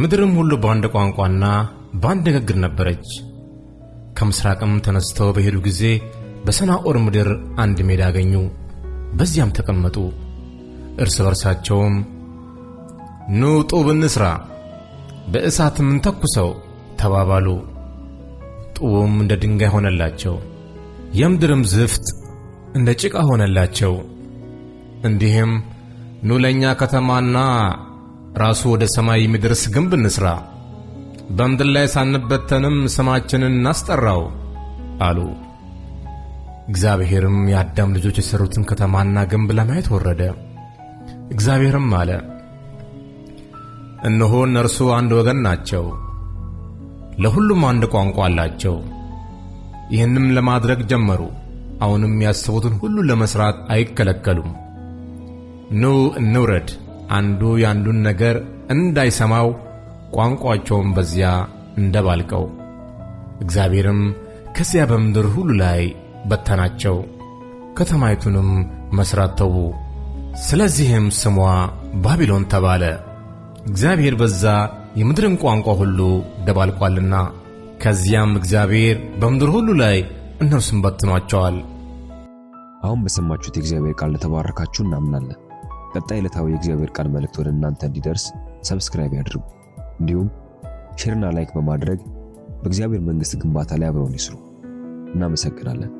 ምድርም ሁሉ በአንድ ቋንቋና በአንድ ንግግር ነበረች። ከምሥራቅም ተነስተው በሄዱ ጊዜ በሰናኦር ምድር አንድ ሜዳ አገኙ፣ በዚያም ተቀመጡ። እርስ በርሳቸውም ኑ ጡብ እንሥራ፣ በእሳትም እንተኩሰው ተባባሉ። ጡቡም እንደ ድንጋይ ሆነላቸው፣ የምድርም ዝፍት እንደ ጭቃ ሆነላቸው። እንዲህም ኑ ለእኛ ከተማና ራሱ ወደ ሰማይ የሚደርስ ግንብ እንሥራ፣ በምድር ላይ ሳንበተንም ስማችንን እናስጠራው አሉ። እግዚአብሔርም የአዳም ልጆች የሠሩትን ከተማና ግንብ ለማየት ወረደ። እግዚአብሔርም አለ፣ እነሆ እነርሱ አንድ ወገን ናቸው፣ ለሁሉም አንድ ቋንቋ አላቸው። ይህንም ለማድረግ ጀመሩ። አሁንም ያሰቡትን ሁሉ ለመሥራት አይከለከሉም። ኑ እንውረድ አንዱ ያንዱን ነገር እንዳይሰማው ቋንቋቸውን በዚያ እንደባልቀው። እግዚአብሔርም ከዚያ በምድር ሁሉ ላይ በተናቸው፣ ከተማይቱንም መሥራት ተዉ። ስለዚህም ስሟ ባቢሎን ተባለ፣ እግዚአብሔር በዛ የምድርን ቋንቋ ሁሉ ደባልቋልና። ከዚያም እግዚአብሔር በምድር ሁሉ ላይ እነርሱን በትኗቸዋል። አሁን በሰማችሁት የእግዚአብሔር ቃል ለተባረካችሁ እናምናለን። ቀጣይ ዕለታዊ የእግዚአብሔር ቃል መልእክት ወደ እናንተ እንዲደርስ ሰብስክራይብ ያድርጉ። እንዲሁም ሼርና ላይክ በማድረግ በእግዚአብሔር መንግሥት ግንባታ ላይ አብረውን ይስሩ። እናመሰግናለን።